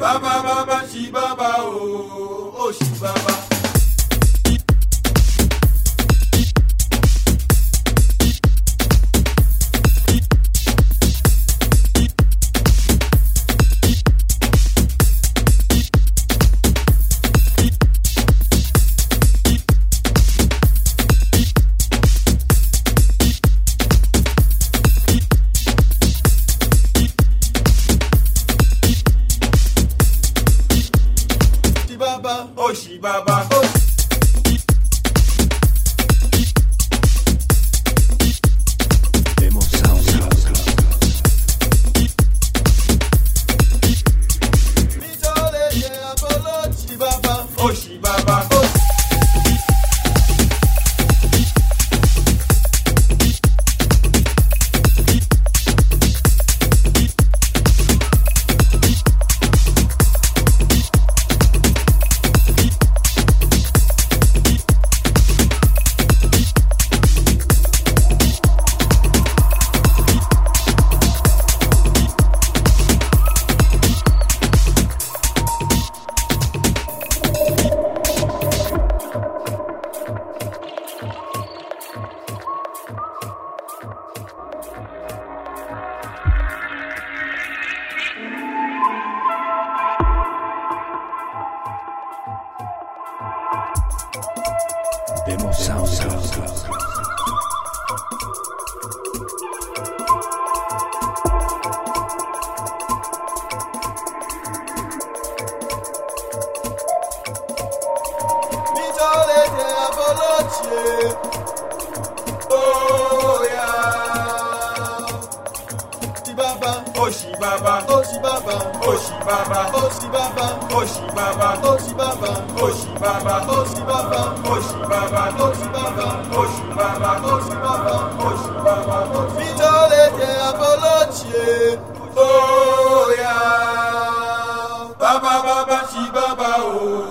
Baba, baba, ṣì baba, o ó ṣì baba. bàbá òṣì bàbá òṣì. Demo Sound sound. òṣì bàbá òṣì bàbá òṣì bàbá òṣì bàbá òṣì bàbá òṣì bàbá òṣì bàbá òṣì bàbá òṣì bàbá òṣì bàbá òṣì bàbá òṣì bàbá òṣì bàbá òṣì. nítorí jẹ́ abọ́lọ́jì ó yá bàbá bàbá ṣì bàbá o.